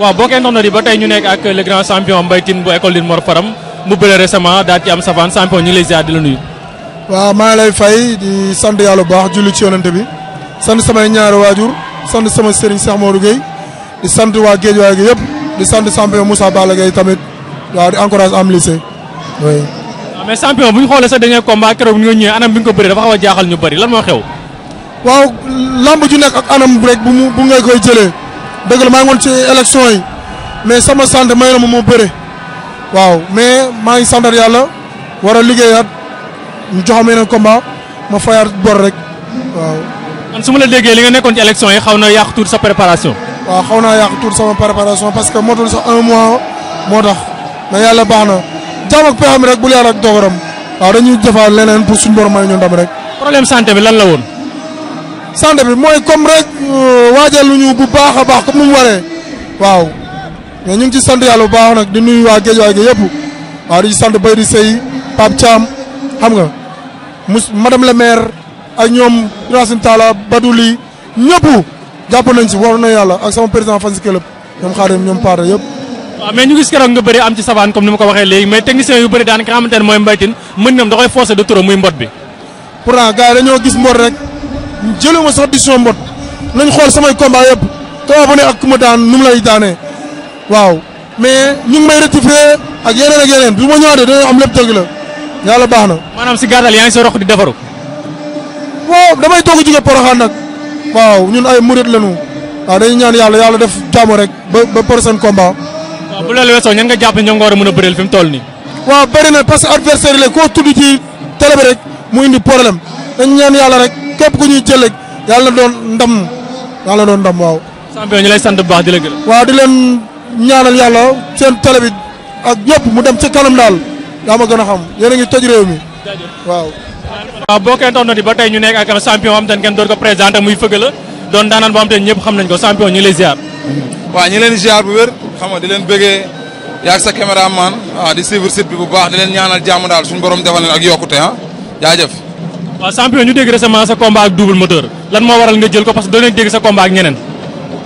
waaw boo koy ndox ba tey ñu nekk ak le grand champion Mbaye Tine bu école Lune Mor Faram mu bëre récemment daal ci am savane champion ñu ngi lay ziar di la nuyu. waaw maa ngi lay fay di sant yàlla bu baax julli ci yonante bi sant samay ñaari waajur sant sama sëriñ Cheikh Modou Gueye di sant waa géej waay gi yëpp di sant champion Moussa Balla Gueye tamit waaw di encourage am lycée oui. mais champion bu ñu xoolee sa dernier combat keroog ñu ñëwee anam bi nga ko bëree dafa jaaxal ñu bëri lan moo xew. waaw lamb ju nekk ak anam dëgg la maa ngi ci élection yi mais sama santé may na ma moo bëre waaw mais maa ngi santat yàlla war a liggéeyaat ñu joxam yeneen combat ma fayaat bor rek waaw. man su ma la déggee li nga nekkoon ci élection yi xaw na yàq tuuti sa préparation. waaw xaw naa yàq tuuti sama préparation parce que moo motul sax un mois moo tax mais yàlla baax na jàmm ak pexam rek bul yàlla ak dogaram waaw dañuy defaat leneen pour suñu borom may ñu ndam rek. problème santé bi lan la woon. sande bi moy comme rek euh, waajaluñu bu baax a baax comme mu waré waaw ñu ngi ci sande yalla bu baax nak di nuyu wa géej waa géej yëpp waaw di sande bayri Sey pap cham xam nga madame le maire ak ñom rasul taala baduli ñëpp japp nañ ci war na yàlla ak sama président fan club ñom xaarim ñom paré yépp waaw mais ñu gis kërëm nga bëri am ci savane comme nima ko waxé légui mais technicien yu bëri daan nga xamante ne mooy mbaytin mën nam da koy forcer de trop muy mbot bi pourtant gaay dañu gis mbot rek jëluma sax di suma mbot nañ xool samay combat yëpp combat bu ak ku ma daan nu mu lay daanee waaw mais ñu ngi may rectifier ak yeneen ak yeneen bi ma ñëwaatee dañoo am lépp dëgg la yàlla baax na. maanaam si gàttal yaa ngi sa roq di defaru. waaw damay toog a jóge Porokhane nag. waaw ñun ay murit lañu. waaw dañuy ñaan yàlla yàlla def jàmm rek ba ba prochain combat. waaw bu loolu weesoo ñan nga jàpp ñoo nga war a mën a parce que adversaire koo tudd ci télé rek mu indi problème dañ ñaan yàlla rek. képp ku ñuy jël yàlla doon ndam yàlla doon ndam waaw. champion ñu lay sant bu baax di la gërëm. waaw di leen ñaanal yàlla seen télé bi ak ñëpp mu dem ci kanam daal yaa ma gën a xam yéen a ngi toj réew mi waaw. waaw boo koy na di ba tey ñu nekk ak champion boo xam te ne kenn doon ko présenté muy fëgg doon daanaan boo xam te ne xam nañ ko champion ñu lay ziar. waaw ñu leen ziar bu wér xam di leen bëggee yaag sa caméraman waaw ah, di suivre site bi bu baax di leen ñaanal jàmm daal suñu borom defal leen ak yokkute ah waa champion ñu dégg récemment sa combat ak double moteur lan moo waral nga jël ko parce que doo leen dégg sa combat ak ñeneen.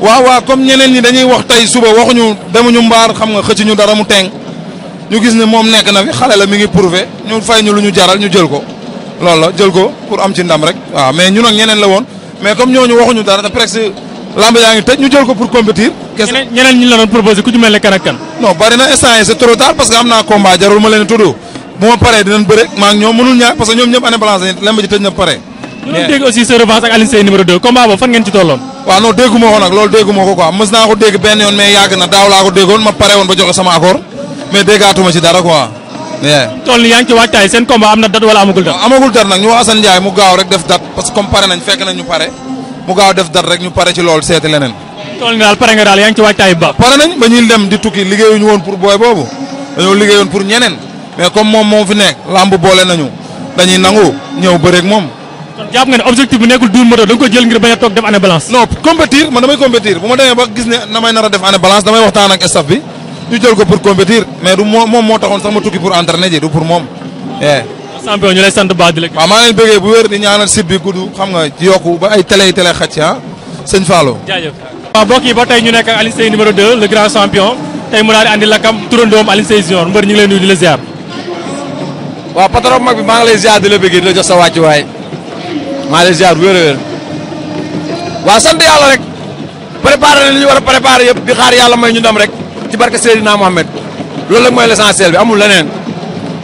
waaw waaw comme ñeneen ñi dañuy wax tey suba waxuñu demuñu mbaar xam nga xëcc ñu dara mu teng ñu gis ne moom nekk na fi xale la mi ngi prouvé ñu fay ñu lu ñu jaral ñu jël ko loolu la jël ko pour am ci ndam rek waaw mais ñun ak ñeneen la woon mais comme ñooñu waxuñu dara te presque lamb yaa ngi tëj ñu jël ko pour compétir. kese ku ci mel ne kan ak kan. non bari na instant yii c'est trop tard ma leen tudd buma paré dinañ bëre ma ak ñoom mënul ñaar parce que ñoom ñëpp année balance lamb ji tëj na paré ñu dégg aussi sœur revanche ak Aline Sey numéro 2 combat ba fan ngeen ci tolloon. wa non déggu ma ko nag loolu déggu ma ko quoi mësna ko dégg ben yoon mais yag na daw la ko déggon ma paré won ba joxe sama accord mais déggatuma ci dara quoi. toll yaa yang ci waccay sen combat amna dat wala amagul dat amagul dat nak ñu wax Assane mu gaaw rek def dat parce que comme paré nañ fekk nañ ñu paré mu gaaw def dat rek ñu paré ci lool seeti lenen toll dal paré nga dal yang ci waccay ba paré nañ ba ñuy dem di tukki ñu won pour boy bobu dañu liggéeyoon pour ñenen mais comme mom moom fi nek lamb boole nañu dañuy nangu ñëw bëreeg moom. kon jàpp nga ne objectif bi nekul duul moto da ko jël ngir baña tok def année balance. non compétir man damay compétir buma démé ba gis né namay nara def année balance damay waxtaan ak staff bi ñu jël ko pour compétir mais du mom mo taxone sax ma tukki pour entraîner ji du pour mom eh champion ñu lay sante baax di ma waaw maa leen bëggee bu wër di ñaanal site bi guddu xam nga ci yokku ba ay télé télé xatch ah. ha seigne fallo jaajëf ba bokki ba tay ñu nekk ak ali sey numéro 2 le grand champion tay mu daal andi lakam turandoom ali sey junior mbeur ñu ngi lay nuyu di la ziar waaw patron bu mag bi maa ngi lay ziar di la bëggee di la jox sa wàccuwaay maa ngi lay ziar wér wér waaw sant yàlla rek préparé na war a préparé di xaar yàlla may ñu ndam rek ci barke Seydina Mohamed loolu rek mooy l'essentiel bi amul leneen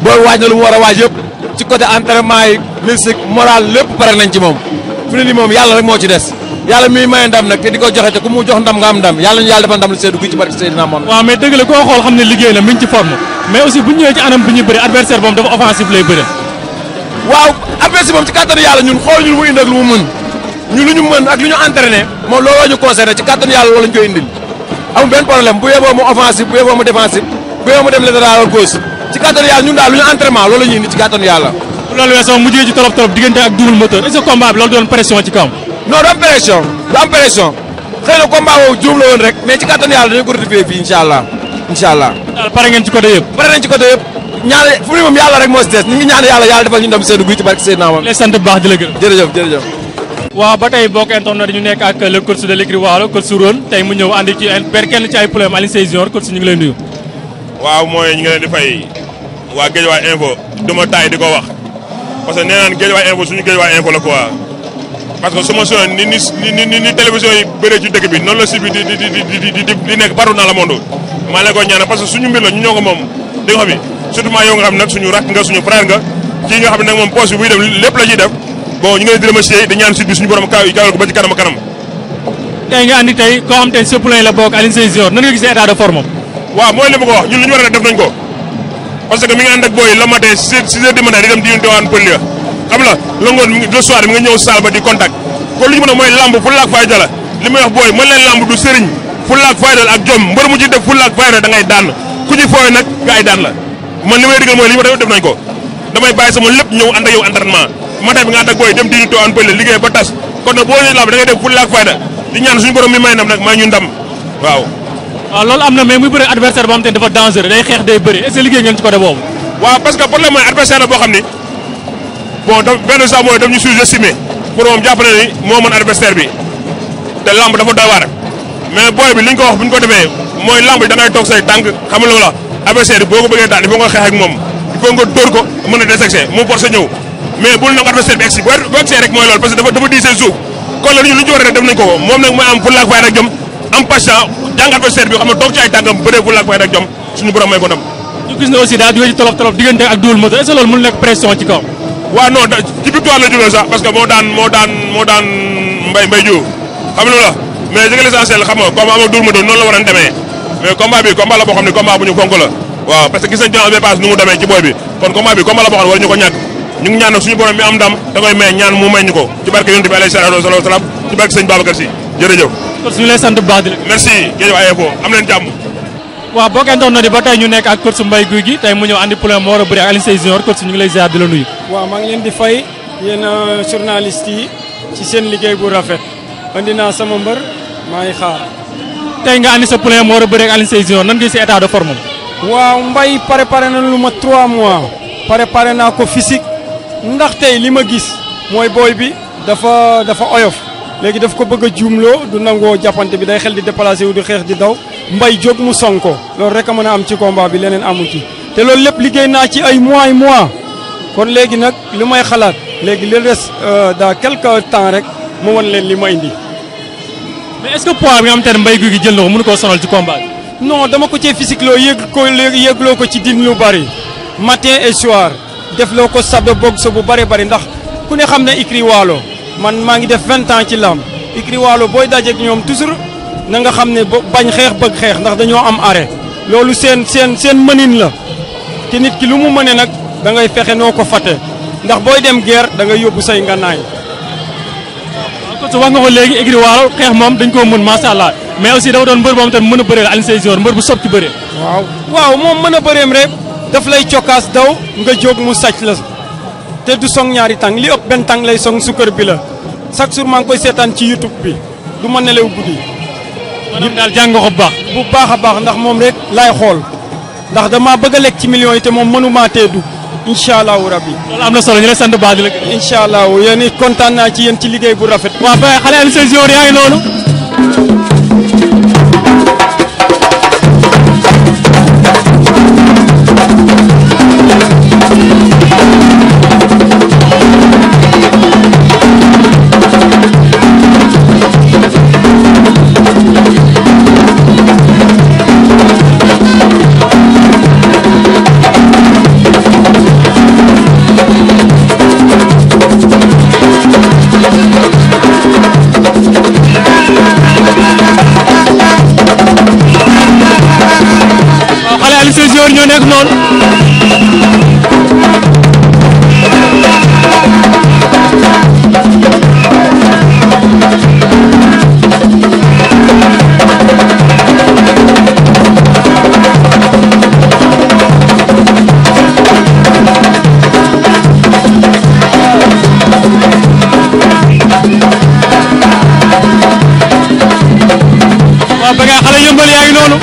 booy waaj na lu mu war a waaj yëpp ci côté entraînement yi mystique moral lépp pare nañ ci moom fu ne nii moom yàlla rek moo ci des yàlla miy may ndam nag te ko joxe te ku mu jox ndam nga ndam yàlla ñu yàlla mais aussi bu ñëwé ci anam bu ñu bëri adversaire bom dafa offensive lay bëri waaw adversaire bom ci katan yalla ñun xol ñu mu indi ak lu mu mën ñu lu ñu mën ak lu ñu entraîner mo lo wañu concerné ci katan yalla loolu lañ koy indil am ben problème bu yebo mu offensive bu yebo mu défensive bu yebo mu dem latéral gauche ci katan yalla ñun daal lu ñu entraînement loolu lañu indi ci katan yalla loolu wéso mujjé ci torop torop digënté ak double moteur est ce combat bi loolu doon pression ci kaw non do pression do pression xeyna combat wo joom la won rek mais ci katan yalla dañu ko rectifier fi inshallah incha allah. pare ngeen ci côté yëpp. pare nañ ci côté yëpp ñaane fu mu moom yàlla rek moo si ñu ngi ñaan yàlla yàlla defal ñu ndam Seydou Guy ci barke Seydou Naama. lay sant bu baax di la gërëm. jërëjëf jërëjëf. waaw ba tey bokk internet ñu nekk ak le coach de l'écurie Waalo coach Rone tey mu ñëw ànd ci per kenn ci ay problème Alioune Seye Junior ñu ngi lay nuyu. waaw mooy ñu ngi leen di waa Guédiawaye info du ma taay di ko wax parce que nee naan parce que suma soon ni ni ni ni télévision yi bëré ci dëkk bi non la sibi di di di di di nek paru na la mondo ma la ko ñaan parce que suñu mbir la ñu ñoko mom di nga xam surtout ma yow nga xam nak suñu rak nga suñu frère nga ki nga xam nak mom poste buy dem lepp la ci def bon ñu ngi di remercier di ñaan suñu suñu borom kaaw kaaw ko ba ci kanam kanam tay nga andi tay ko xam tay suppléant la bok Aline Seizior nan nga gisé état de forme wa moy limu ko wax ñun luñu wara def nañ ko parce que mi nga and ak boy la matin 6h du matin di dem di ñu dowan pël ya xam la la ngoon le soir mi nga ñëw salle ba di contact ko li mëna moy lamb fu lak fayda la li may wax boy mën leen lamb du sëriñ fu lak fayda ak jom mbeur mu ci def fu lak fayda da ngay daan ku ci foy nak gaay daan la man limay digal moy li ma def nañ ko damay bàyyi sama lepp ñëw and ak yow entraînement matay bi nga ànd ak dem diini too an pele liggey ba tass kon na bo nee lamb da ngay def fu lak fayda di ñaan suñu borom mi may nam nak ma ñu ndam waaw ah lool amna mais muy bëre adversaire bo am te dafa danger day xex day bëre est ce liggey ngeen ci côté bobu waaw parce que problème mooy adversaire bo xamni bon benn sa mooy daf ñu sous-estimé pour ni moo mën adversaire bi te lamb dafa doy waar mais booy bi li ko wax bu ko defee mooy lamb da ngay toog say tànk xam nga la adversaire bi boo ko nga ak nga ko désexé mais adversaire bi rek mooy loolu parce que dafa dafa diisee suuf kon la ñu ñu war def nañ ko ko moom nag am fulla ak fayda ak jom am patience jàng adversaire bi xam ne ci ay tànkam bëree fulla ak fayda ak jom suñu borom may ko ñu gis aussi tolof tolof ak est ce pression ci kaw waaw non ci victoire la jógee sax parce moo daan moo daan mbay mbay jiw xam nga la mais jege l'essentiel xam nga ama duur ma doon noonu la war demee mais combat bi combat la boo xam ne bu ñu fonk la waaw parce que gis nañ ci bi demee ci bi kon combat bi combat la boo xam ñu ko ñàkk ñu ngi suñu borom mi am ndam da koy may ñaan ñu ko ci barke yonent bi alayhi salaatu suñu lay sant bu baax di la. merci jërëjëf am leen jàmm wa bokk kenn doon na di ba ñu nek ak course mbay guuy gi tay mu ñew andi problème moo war a ak alice Seye Junior coach ñu ngi lay ziar di la nuyu. wa ma ngi leen di fay yeen eh, journaliste yi ci seen liggéey bu rafet andi na sama mbeur ma ngi xaar. tay nga andi sa problème moo war ak alice Junior nan nga ci état de forme wa mbay préparé na luma 3 mois. préparé na ko physique ndax tay lima gis moy boy bi dafa dafa oyof léegi daf ko bëgg a du nango japanté bi day xel di déplacer wu di xex di daw. mbay Diop mu Sonko loolu rek a mën a am ci combat bi leneen amu ci te loolu lépp liggéey naa ci ay mois mois kon léegi nag li may xalaat léegi li res euh, dans quelque temps rek mu won leen li ma indi. mais est bi nga xamante ne Mbaye Gouy Gui jël na ko mënu koo sonal ci combat bi. non dama ko cee physique loo yëg ko yëgloo ko ci din lu bari matin et def loo ko sabda boog sa bu bari bari ndax ku ne xam ne Ikri Waalo man maa ngi def vingt ans ci lamb Ikri Waalo booy dajeeg ñoom toujours. na nga xamne bañ xex bëgg xex ndax dañoo am arrêt loolu sen sen sen mënin la ci nit ki lu mu mëne nak da ngay fexé noko faté ndax boy dem guerre da ngay yobbu say ko ci wax nga ko léegi écrit waalo xex mom dañ ko mën macha allah mais aussi da doon mbeur boo xam tam mën a bëree Alioune bu sob ci bëree waaw waaw mom mëna a bëreem rek daf lay ciokas daw nga jog mu sacc la té du song ñaari tang li ëpp benn lay song sukkër bi la chaque jour maa koy ci youtube bi duma nelew guddi ñëpp daal jàng nga bu baax. bu baax a baax ndax moom rek laay xool ndax dama bëgg lekk ci millions yi te moom mënumaa tee dugg incha allahu rabbi. loolu am na solo ñu sant baax di la. incha allahu yéen ci yéen ci liggéey bu rafet. waaw ba xale Alioune Seye yaa ngi noonu. yaa ngi noonu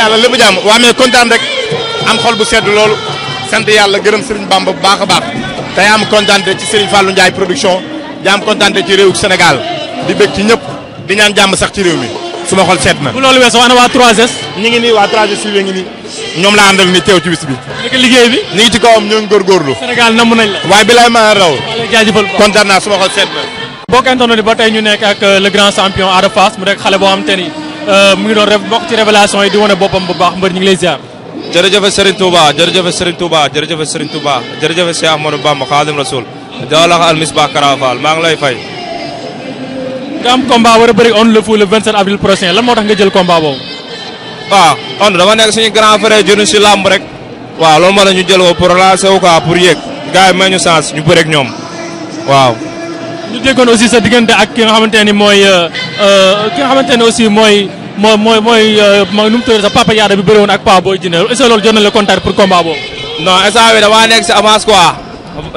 yàlla lépp jàmm waa mais kontaan rek am xol bu sedd loolu sant yàlla gërëm Serigne Bamba bu baax a baax tey am kontaan ci Serigne Fallou Ndiaye production di am kontaan ci réew Sénégal di bëgg ci ñëpp di ñaan jàmm sax ci réew mi su ma xol seet na. bu loolu weesoo ana waa 3S. ñu ngi nii waa 3S fii ngi nii ñoom laa àndal ni teew ci bis bi. nekk ngi ci kawam ñoo ngi góorgóorlu. Sénégal namm nañ la. waaye bi laay mën a raw. jaajëfal naa su xol seet na. boo ko Euh, mu ngi doon ref ci révélation yi di wane boppam bu baax mbër ñu ngi lay ziar. jërëjëf Serigne Touba jërëjëf Serigne Touba jërëjëf Serigne Touba jërëjëf Cheikh Ahmadou Bamba Khadim Rasoul dawlax al misbah karafal maa ngi lay fay. nga am combat war a bëri on le fou le 27 avril prochain moo tax nga jël combat boobu. waaw on dama nekk suñu grand frère jëriñ si làmb rek. waa loolu ma la ñu jël ko pour lancer wu quoi pour yéeg gars yi ñu chance ñu ñu déggoon aussi sa diggante ak ki nga xamante ne mooy euh, euh, ki nga xamante ne aussi mooy mooy mooy mooy euh, nu mu tudd sa bi bëri woon ak Pa Boy Djiné est-ce que loolu jot na la contact pour combat boobu. non instant bii si avance ma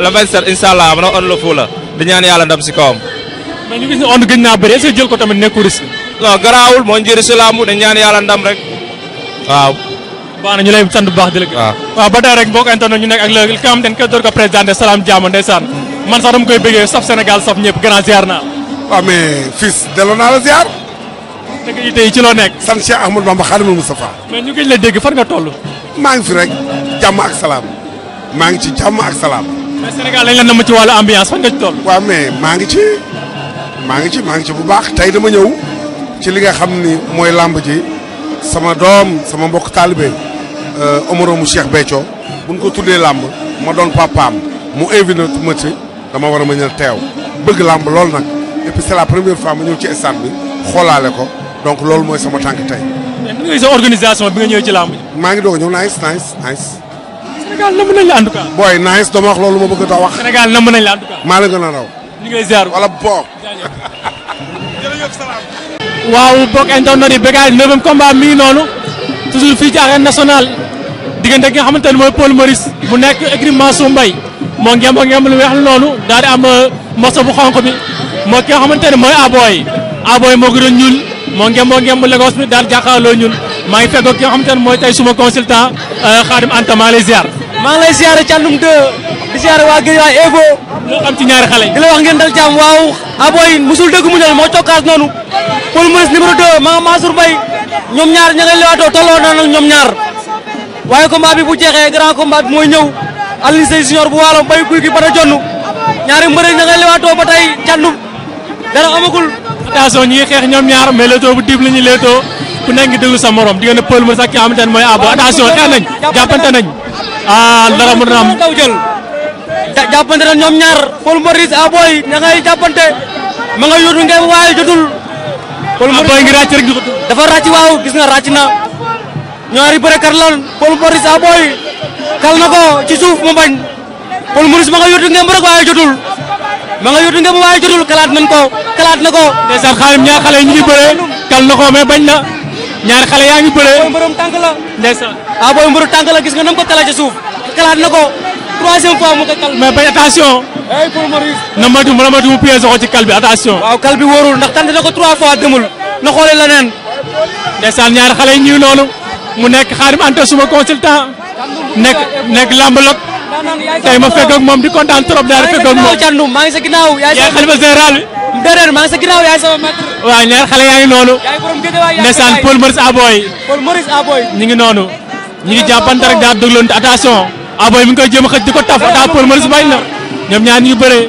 ne on le fuula di ñaan yàlla ndam ne on gëj moo njëriñ si làmb ñaan yàlla ndam rek waaw. baax na ñu lay sant bu baax di waaw ba tey rek mbokk internet ñu nekk ak le ki nga xamante ne kër door ko président de Salam Diamou ndeysaan man sax dama koy bëggee saf Sénégal saf ñëpp grand ziar naa waaw mais fils delloo naa la ziar dëgg tey ci loo nekk san Cheikh Ahmadou Bamba Khadimul Moustapha mais ñu gëj la dégg fan nga toll maa ngi fi rek jàmm ak salaam maa ngi ci jàmm ak salaam mais ma ci wàllu ambiance fan nga ci toll maa ngi ci maa ngi ci maa ngi ci bu baax tey dama ñëw ci li nga xam ni mooy làmb ji sama doom sama mbokk taalibe euh, Omaro mu Cheikh Béthio buñ ko tuddee làmb ma doon papaam mu invité ma ci dama war a mën a teew bëgg làmb lool nag et puis c'est la première fois ma ñëw ci stade bi xoolaale ko donc loolu mooy sama tànk tey. bi nga ci làmb maa ngi doog a ñëw nice nice nice. Sénégal namm nañ la en tout cas. booy nice wax loolu ma bëgg a wax. maa la gën a raw. ñu ngi lay ziar wala boog. jërëjëf waaw boog internet yi Bécaye neuvième combat mi ngi noonu toujours fii ci arène nationale diggante ki nga xamante mooy Paul Maurice mu nekk écurie Mansour moo ngemb ngemb lu weex lu noonu daal am euh, morso bu xonq bi moo ki nga xamante ne mooy abooy abooy moo gën a moo ngemb ngemb Lagos bi daal di jàkkaarloo ñun maa ngi feggoog ki nga xamante ne mooy tey suma consultant euh, Khadim Anta maa ngi lay ziar. maa ngi lay ziar Thiandoum 2 di ziar waa Guèye waa Evo. loo xam ci ñaari xale yi. di wax ngeen dal jàmm waaw abooy musul dëgg mu ñor moo cokkaas noonu Paul Maurice numéro 2 maa Mansour Mbaye ñaar ña nga leewaatoo tolloo ñoom ñaar waaye combat bi bu jeexee grand combat mooy ñëw Alioune Seye Junior bu waalo bay guy gi ba ta jonn ñaari mbër ña ngay lewaatoo ba tey jàndum dara amagul ñi ngi xeex ñoom ñaar mais bu dib la ñuy leetoo ku nekk ngi déglu sa morom diggante pël mu sax ki nga xamante ne mooy abo attention xeex nañ jàppante nañ ah dara mën na am daw jël jàppante nañ ñoom ñaar pël Maurice aboy ña ngay jàppante ma nga yóotu ngeen waaye jotul Paul Maurice aboy ngi ràcc rek dafa ràcc waaw gis nga ràcc na ñaari bërekat lan Paul Maurice aboy kal na ko ci suuf mu bañ Paul Maurice ma nga yóotu ngeen rek waaye jotul ma nga yóotu ngeen waaye jotul kalaat nañ ko kalaat na ko ndeysaan xaalim ñaar xale ñu ngi bëree kal na ko mais bañ na ñaar xale yaa ngi bëree boy mbeurum tànk la ndeysaan ah boy mbeurum tànk la gis nga nam ko tala ci suuf kalaat na ko troisième fois mu ko kal mais bañ attention hey Paul Maurice na matu mu matu mu pièce ko ci kal attention waaw ndax trois fois demul na ñaar mu suma consultant nekk nekk lamb lot tey ma fekk ak moom di kontaan trop daal di fekk ak moom Thiandoum maa ngi sa ginnaaw yaay xalifa général bi déedéet maa ngi sa ginnaaw yaay sama ñaar xale yaa ngi noonu ndeysaan Paul Maurice Paul Maurice Aboy ñi noonu ñi ngi jàppante rek daal dégloonte attention mi ngi koy jéem a di ko taf ata Paul Maurice bañ na ñoom ñaar ñu bëree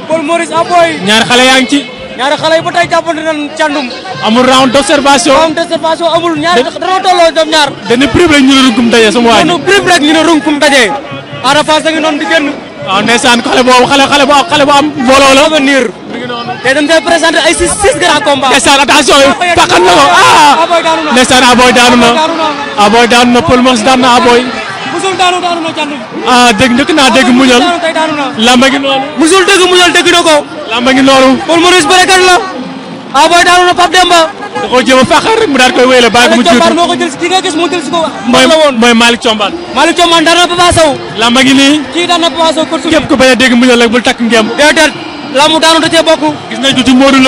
ñaar xale yaa ngi ci ñaar xale yi ba tey jàppante nañ Thiandoum amul round d'observation. round d'observation amul ñaar dafa tolloo ñoom ñaar. dañu prime rek ñu ne runkum daje sama waa ji. dañu ñu ne runkum daje. Ada Fass da noonu di génn. waaw ah, ndeysaan xale am xale bu am mbooloo la. avenir te dañ koy présenté ay six six grands combats. ndeysaan attention taxan na ko ah! daanu na. aboy daanu na Paul daanu daanu na jànd. ah la. ah booy daanu na Pape Demba. da koo jéem a fàqal rek mu daal koy wéyale bàyyi ko mu jiitu Malick ko jël si nga gis mu jël ko. mooy mooy Malick Thiombane. Malick Thiombane na Papa Sow. lamba ngi nii. kii daan na a dégg mu ne rek bul takk ngem. déedéet lambu daanu da cee bokk. gis nañ ko ci Modou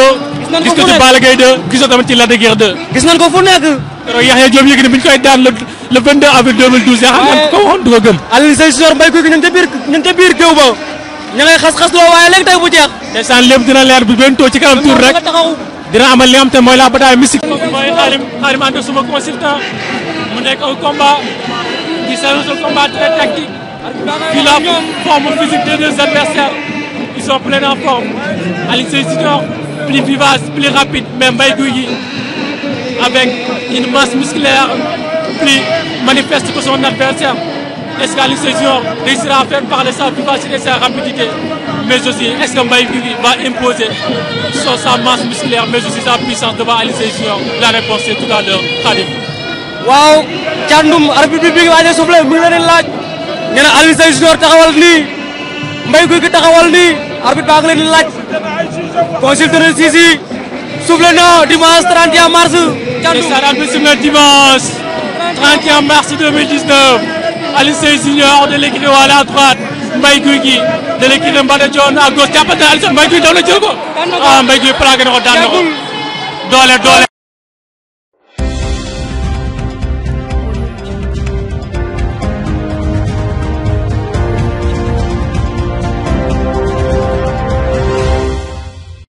gis ko fu nekk gis ko gis ko tamit ci Lac de Guiers gis nañ ko fu nekk. keroog Yaxya Diop yëg ne bu ñu koy daan le le 22 avril 2012 yaa ko waxoon du gëm. Alioune mbay ko ñun dina amal li nga xam te mooy la bataille mystique. mooy xaalim xaalim ànd suma consultant mu nekk un combat qui s'annonce combat très tactique. vu la forme physique des deux adversaires ils sont pleins en forme Aliou Seye plus vivace plus rapide mais Mbaye Gouye avec une masse musculaire plus manifeste que son adversaire est-ce qu'Aliou Seye Junior réussira à faire parler sa vivacité et sa rapidité mais aussi est-ce que Mbaye va imposer son, sa masse musculaire, mais aussi sa puissance devant Alice Junior La réponse est tout à l'heure. Khalid. waaw Thiandoum arbitre bi va waaj a soufflé mu ngi leen Alice Junior taxawal nii Mbaye Gouy Gui taxawal nii arbitre baa ngi leen laaj consulte na si si soufflé dimanche 31 mars. Thiandoum arbitre soufflé dimanche 31 mars 2019 Alice Junior de l'équipe de la droite. Mbaye Gouy Gui de l'équipe de Mbada Dione à gauche jàppante na Alisson daw na jël ko ah Mbaye Gouy plaqué daan na doole doole